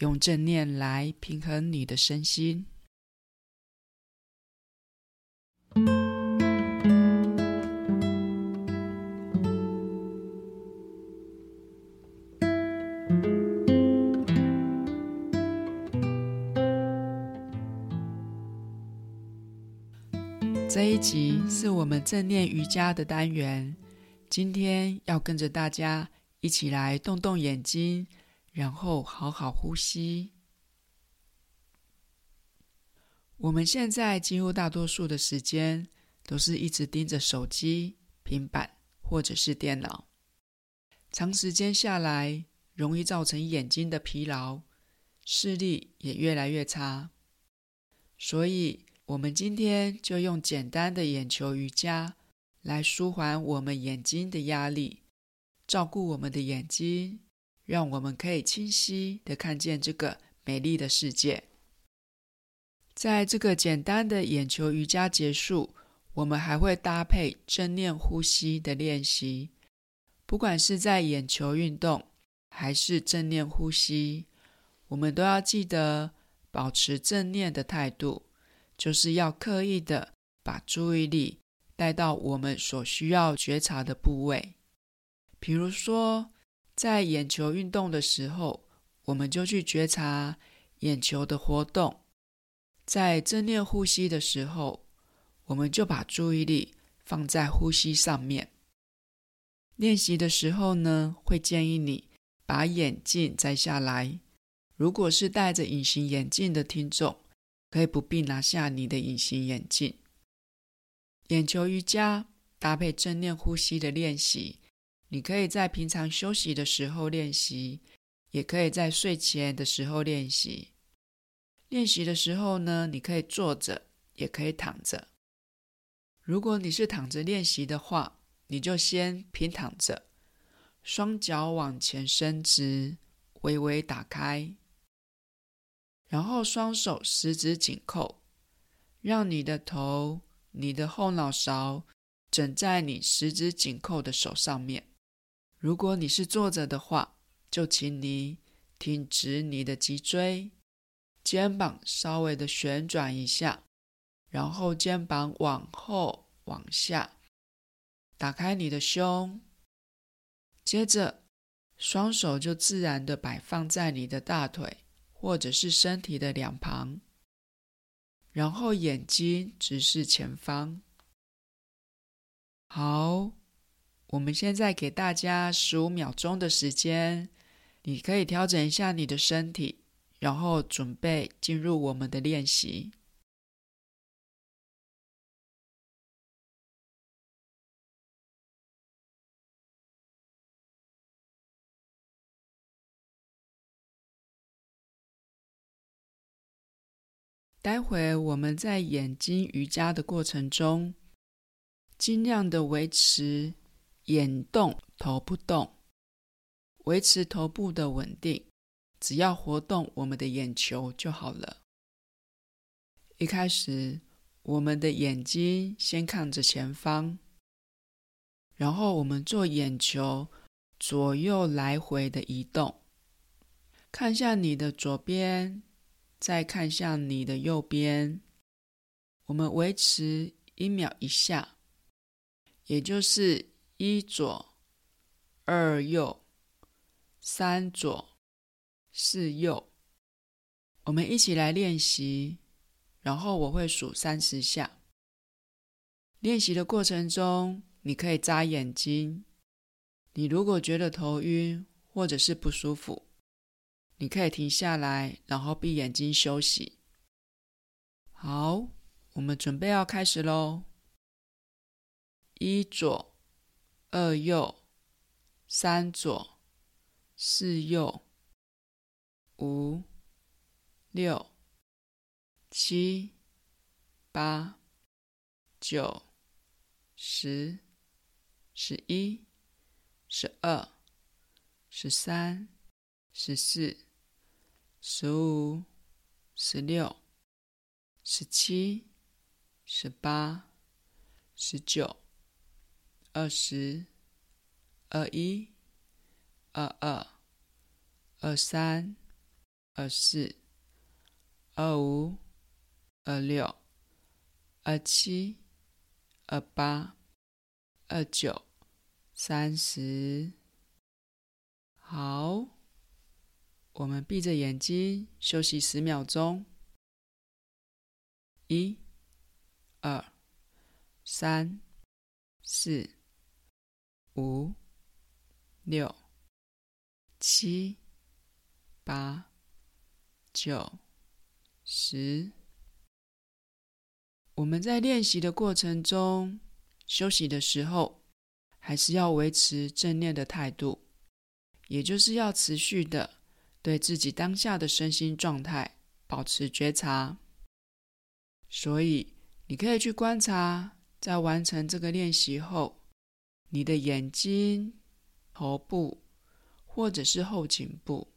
用正念來平衡你的身心。這一集是我們正念瑜伽的單元，今天要跟着大家一起來動動眼睛。然後好好呼吸。我們現在幾乎大多數的時間都是一直盯着手機、平板或者是電腦，長時間下來容易造成眼睛的疲勞，視力也越來越差。所以，我們今天就用簡單的眼球瑜伽來舒緩我們眼睛的壓力，照顧我們的眼睛。讓我們可以清晰的看見這個美麗的世界。在這個簡單的眼球瑜伽結束，我們還會搭配正念呼吸的練習。不管是在眼球運動還是正念呼吸，我們都要記得保持正念的態度，就是要刻意的把注意力帶到我們所需要覺察的部位，比如說。在眼球運動的時候，我們就去覺察眼球的活動；在正念呼吸的時候，我們就把注意力放在呼吸上面。練習的時候呢，會建議你把眼鏡摘下來。如果是戴着隱形眼鏡的聽眾，可以不必拿下你的隱形眼鏡。眼球瑜伽搭配正念呼吸的練習。你可以在平常休息的時候練習，也可以在睡前的時候練習。練習的時候呢，你可以坐着，也可以躺着。如果你是躺着練習的話，你就先平躺着，雙腳往前伸直，微微打開，然後雙手十指緊扣，讓你的頭、你的後腦勺枕在你十指緊扣的手上面。如果你是坐着的話，就請你挺直你的脊椎，肩膀稍微的旋轉一下，然後肩膀往後、往下打開你的胸，接着雙手就自然的擺放在你的大腿或者是身體的兩旁，然後眼睛直視前方。好。我們現在給大家十五秒鐘的時間，你可以調整一下你的身體，然後準備進入我們的練習。待會我們在眼睛瑜伽的過程中，盡量的維持。眼動頭不動，維持頭部的穩定。只要活動我們的眼球就好了。一開始，我們的眼睛先看着前方，然後我們做眼球左右來回的移動，看向你的左邊，再看向你的右邊。我們維持一秒一下，也就是。一左，二右，三左，四右。我們一起來練習，然後我會數三十下。練習的過程中，你可以眨眼睛。你如果覺得頭暈或者是不舒服，你可以停下來，然後閉眼睛休息。好，我們準備要開始嘍。一左。二右，三左，四右，五，六，七，八，九，十，十一，十二，十三，十四，十五，十六，十七，十八，十九。二十、二一、二二、二三、二四、二五、二六、二七、二八、二九、三十。好，我們閉着眼睛休息十秒鐘。一、二、三、四。五、六、七、八、九、十。我們在練習的過程中，休息的時候，還是要維持正念的態度，也就是要持續的對自己當下的身心狀態保持覺察。所以，你可以去觀察，在完成這個練習後，你的眼睛、頭部，或者是後頸部，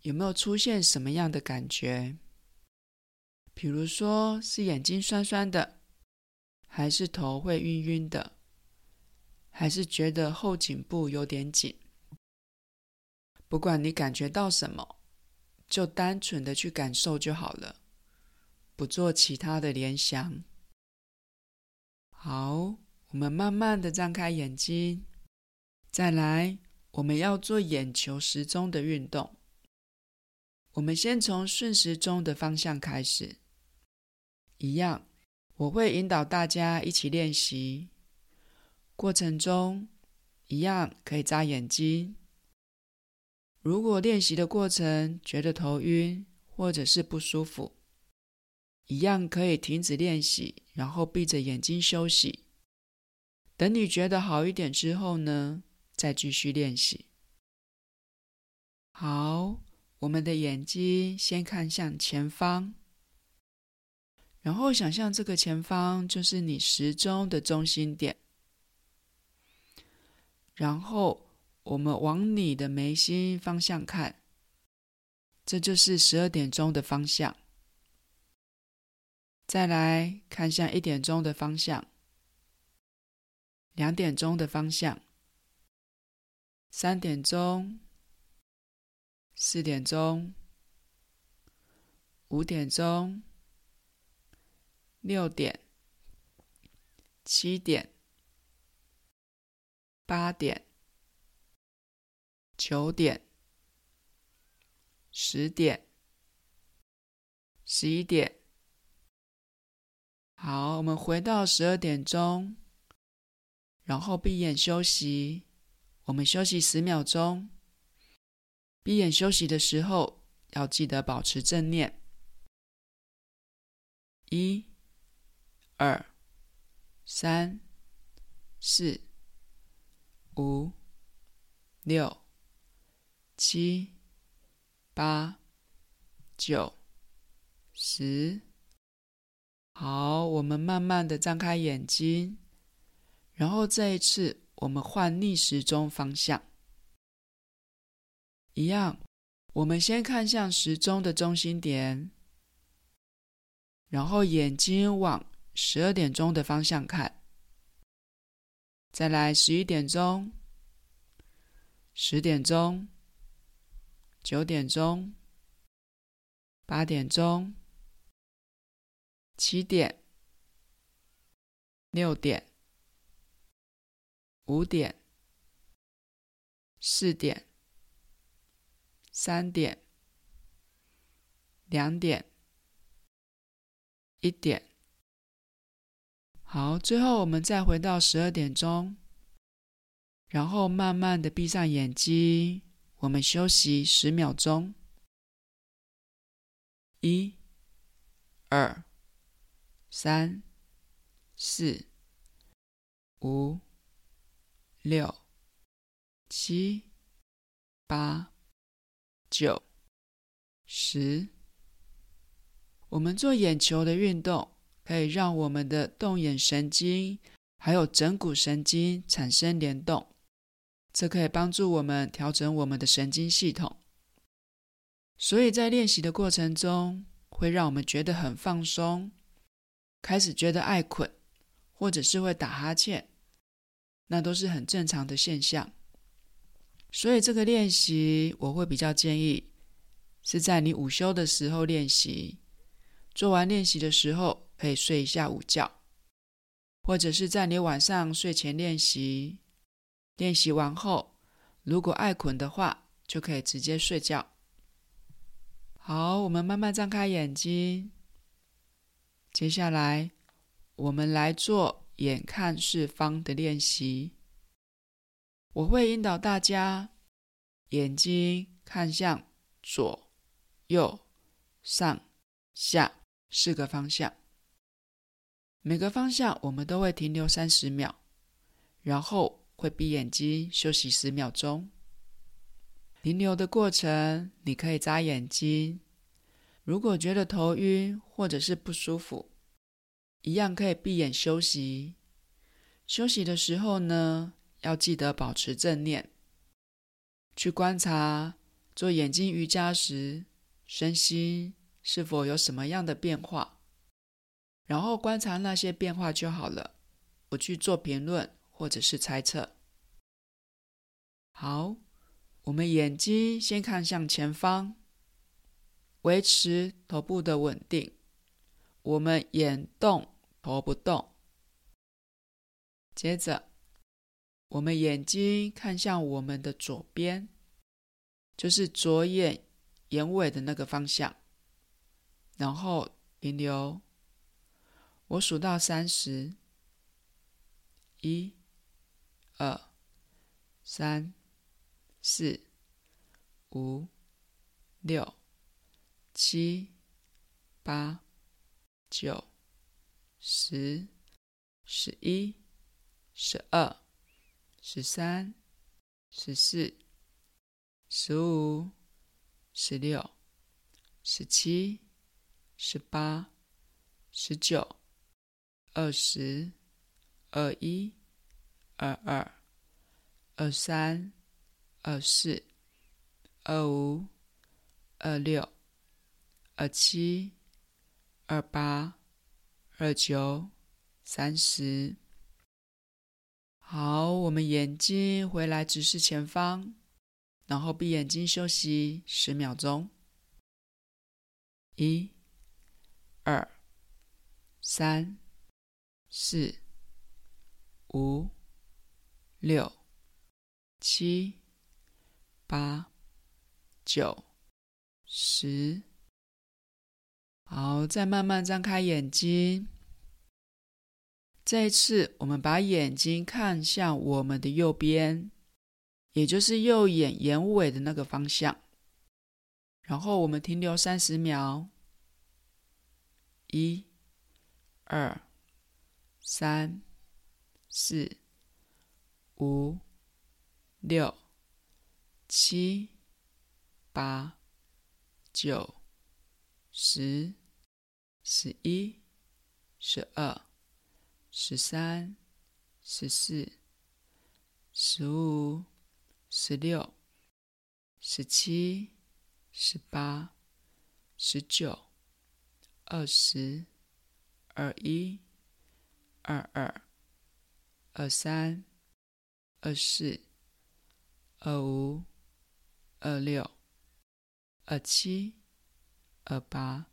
有沒有出現什麼樣的感覺？比如說是眼睛酸酸的，還是頭會暈暈的，還是覺得後頸部有點緊？不管你感覺到什麼，就單純的去感受就好了，不做其他的聯想。好。我們慢慢的張開眼睛，再來，我們要做眼球時鐘的運動。我們先從順時鐘的方向開始，一樣，我會引導大家一起練習。過程中，一樣可以眨眼睛。如果練習的過程覺得頭暈或者是不舒服，一樣可以停止練習，然後閉着眼睛休息。等你覺得好一點之後呢，再繼續練習。好，我們的眼睛先看向前方，然後想象這個前方就是你時鐘的中心點，然後我們往你的眉心方向看，這就是十二點鐘的方向。再來看向一點鐘的方向。兩點鐘的方向，三點鐘，四點鐘，五點鐘，六點，七點，八點，九點，十點，十一點。好，我們回到十二點鐘。然後閉眼休息，我們休息十秒鐘。閉眼休息的時候，要記得保持正念。一、二、三、四、五、六、七、八、九、十。好，我們慢慢的張開眼睛。然後這一次，我們換逆時鐘方向，一樣。我們先看向時鐘的中心點，然後眼睛往十二點鐘的方向看，再來十一點鐘、十點鐘、九點鐘、八點鐘、七點、六點。五點、四點、三點、兩點、一點。好，最後我們再回到十二點鐘，然後慢慢的閉上眼睛，我們休息十秒鐘。一、二、三、四、五。六、七、八、九、十。我們做眼球的運動，可以讓我們的動眼神經還有枕骨神經產生聯動，這可以幫助我們調整我們的神經系統。所以在練習的過程中，會讓我們覺得很放鬆，開始覺得愛睏，或者是會打哈欠。那都是很正常的現象，所以這個練習我會比較建議是在你午休的時候練習，做完練習的時候可以睡一下午覺，或者是在你晚上睡前練習。練習完後，如果愛睏的話，就可以直接睡覺。好，我們慢慢張開眼睛，接下來我們來做。眼看四方的練習，我會引導大家眼睛看向左、右、上、下四個方向。每個方向我們都會停留三十秒，然後會閉眼睛休息十秒鐘。停留的過程你可以眨眼睛，如果覺得頭暈或者是不舒服，一樣可以閉眼休息。休息的時候呢，要記得保持正念，去觀察做眼睛瑜伽時身心是否有什麼樣的變化，然後觀察那些變化就好了，不去做評論或者是猜測。好，我們眼睛先看向前方，維持頭部的穩定。我們眼動，頭不動。接着，我們眼睛看向我們的左邊，就是左眼眼尾的那個方向。然後停留，我數到三十：一、二、三、四、五、六、七、八。九、十、十一、十二、十三、十四、十五、十六、十七、十八、十九、二十、二一、二二、二三、二四、二五、二六、二七、二八二九三十，好，我們眼睛回來，直視前方，然後閉眼睛休息十秒鐘。一、二、三、四、五、六、七、八、九、十。好，再慢慢張開眼睛。這一次，我們把眼睛看向我們的右邊，也就是右眼眼尾的那個方向。然後我們停留三十秒。一、二、三、四、五、六、七、八、九、十。十一、十二、十三、十四、十五、十六、十七、十八、十九、二十、二一、二二、二三、二四、二五、二六、二七、二八、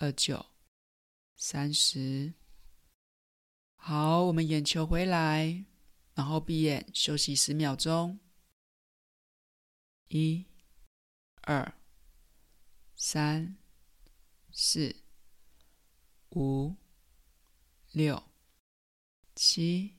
二九三十。好，我們眼球回來，然後閉眼休息十秒鐘。一、二、三、四、五、六、七、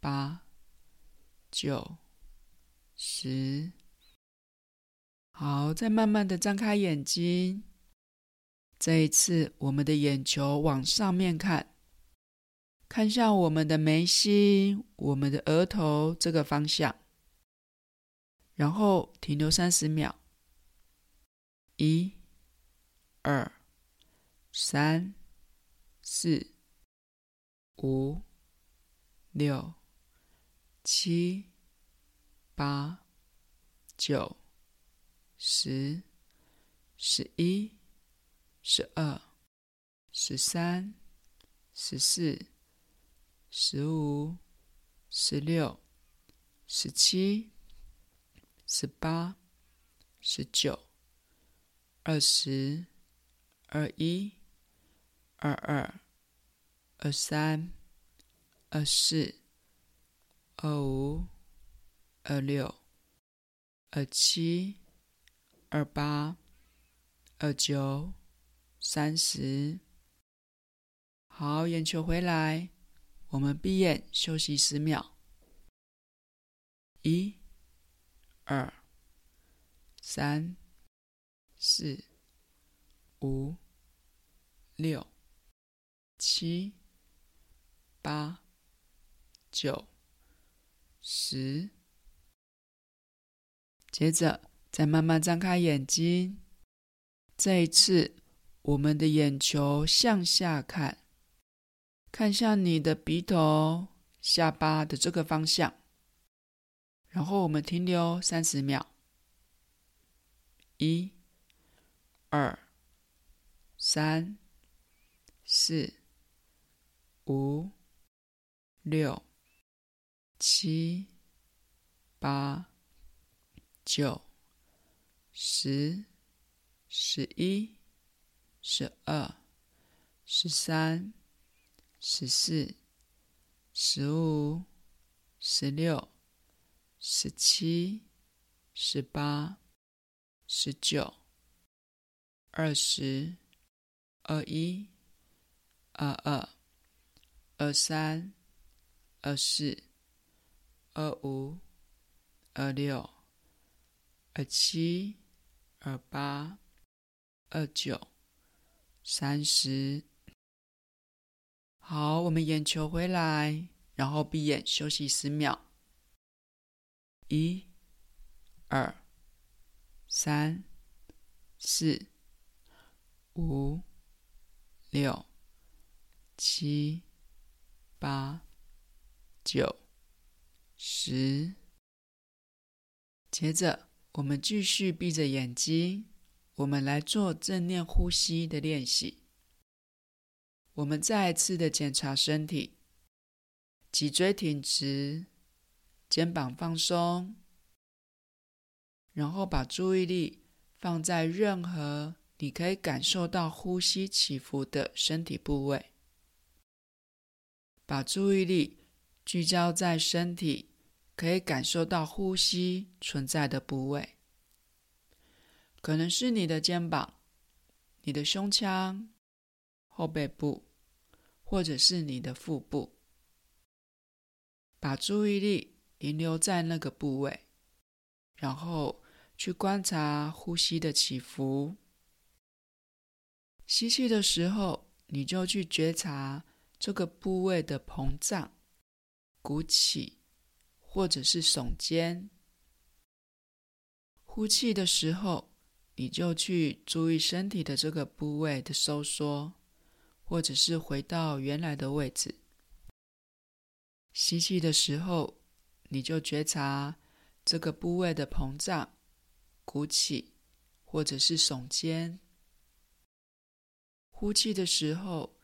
八、九、十。好，再慢慢地張開眼睛。這一次，我們的眼球往上面看，看向我們的眉心、我們的額頭這個方向，然後停留三十秒。一、二、三、四、五、六、七、八、九、十、十一。十二、十三、十四、十五、十六、十七、十八、十九、二十、二一、二二、二三、二四、二五、二六、二七、二八、二九。三十，好，眼球回來，我們閉眼休息十秒。一、二、三、四、五、六、七、八、九、十。接着再慢慢張開眼睛，這一次。我們的眼球向下看，看向你的鼻頭、下巴的這個方向。然後我們停留三十秒，一、二、三、四、五、六、七、八、九、十、十一。十二、十三、十四、十五、十六、十七、十八、十九、二十、二一、二二、二三、二四、二五、二六、二七、二八、二九。三十，好，我們眼球回來，然後閉眼休息十秒。一、二、三、四、五、六、七、八、九、十。接着，我們繼續閉着眼睛。我們來做正念呼吸的練習。我們再一次的檢查身體，脊椎挺直，肩膀放鬆，然後把注意力放在任何你可以感受到呼吸起伏的身體部位，把注意力聚焦在身體可以感受到呼吸存在的部位。可能是你的肩膀、你的胸腔、後背部，或者是你的腹部。把注意力停留在那個部位，然後去觀察呼吸的起伏。吸氣的時候，你就去覺察這個部位的膨脹、鼓起，或者是聳肩；呼氣的時候，你就去注意身體的這個部位的收縮，或者是回到原來的位置。吸氣的時候，你就覺察這個部位的膨脹、鼓起，或者是聳肩。呼氣的時候，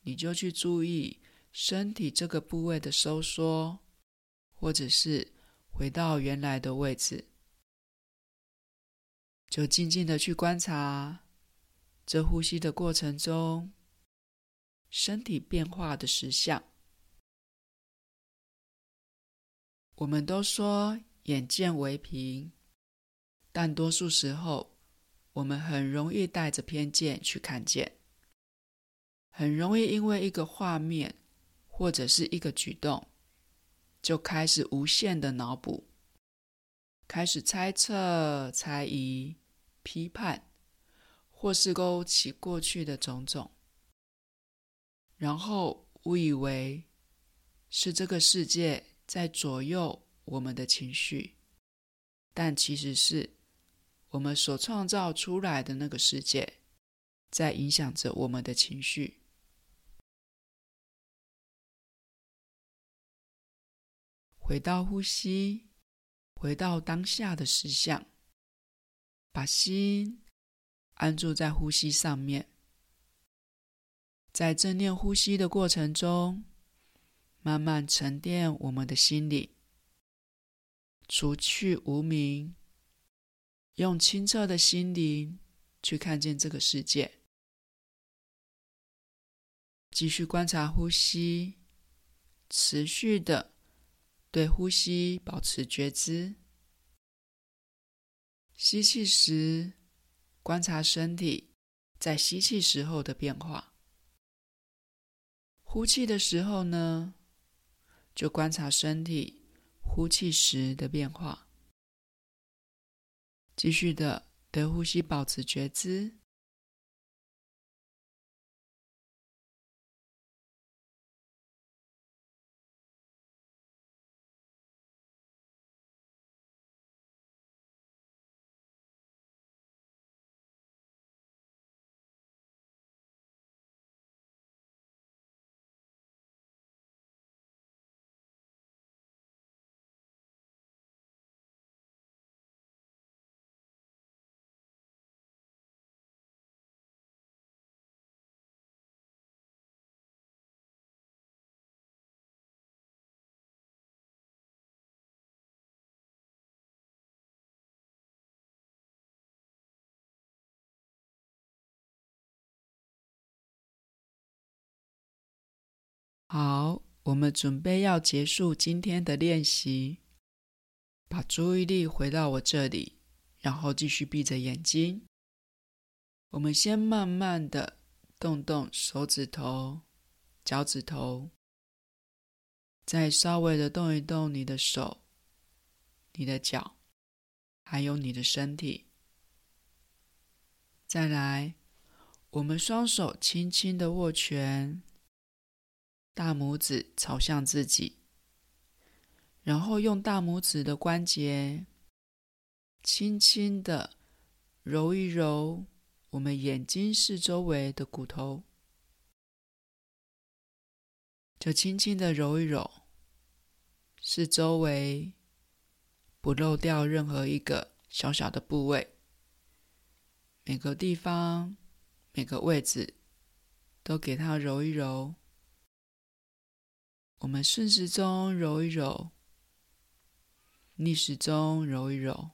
你就去注意身體這個部位的收縮，或者是回到原來的位置。就靜靜的去觀察這呼吸的過程中，身體變化的實相。我們都說眼見為憑，但多數時候，我們很容易帶着偏見去看見，很容易因為一個畫面或者是一個舉動，就開始無限的腦補。開始猜測、猜疑、批判，或是勾起過去的種種，然後誤以為是這個世界在左右我們的情緒，但其實是我們所創造出來的那個世界在影響着我們的情緒。回到呼吸。回到當下的實相，把心安住在呼吸上面，在正念呼吸的過程中，慢慢沉澱我們的心靈。除去無明，用清澈的心靈去看見這個世界。繼續觀察呼吸，持續的。對呼吸保持覺知，吸氣時觀察身體在吸氣時候的變化，呼氣的時候呢，就觀察身體呼氣時的變化。繼續的對呼吸保持覺知。好，我們準備要結束今天的練習，把注意力回到我這裡，然後繼續閉着眼睛。我們先慢慢的動動手指頭、腳趾頭，再稍微的動一動你的手、你的腳，還有你的身體。再來，我們雙手輕輕的握拳。大拇指朝向自己，然後用大拇指的關節輕輕的揉一揉我們眼睛四周圍的骨頭，就輕輕的揉一揉，四周圍不漏掉任何一個小小的部位，每個地方、每個位置都給它揉一揉。我們順時鐘揉一揉，逆時鐘揉一揉。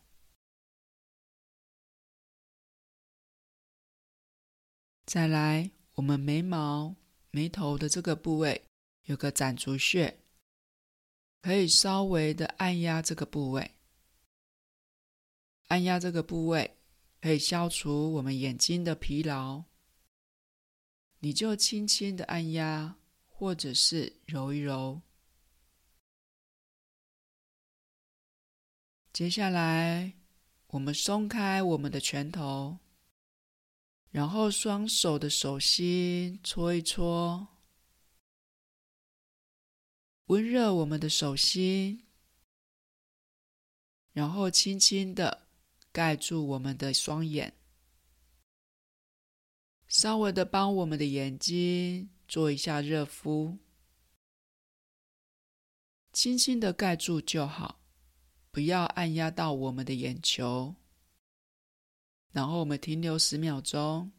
再來，我們眉毛、眉頭的這個部位有個攢竹穴，可以稍微的按壓這個部位。按壓這個部位可以消除我們眼睛的疲勞。你就輕輕的按壓。或者是揉一揉。接下來，我們鬆開我們的拳頭，然後雙手的手心搓一搓，溫熱我們的手心，然後輕輕的蓋住我們的雙眼，稍微的幫我們的眼睛。做一下熱敷，輕輕的蓋住就好，不要按壓到我們的眼球。然後我們停留十秒鐘，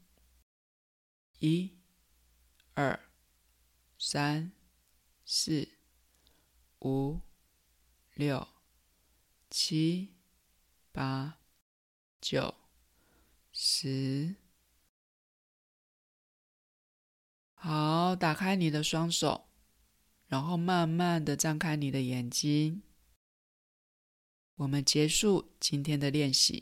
一、二、三、四、五、六、七、八、九、十。好，打開你的雙手，然後慢慢地張開你的眼睛。我們結束今天的練習。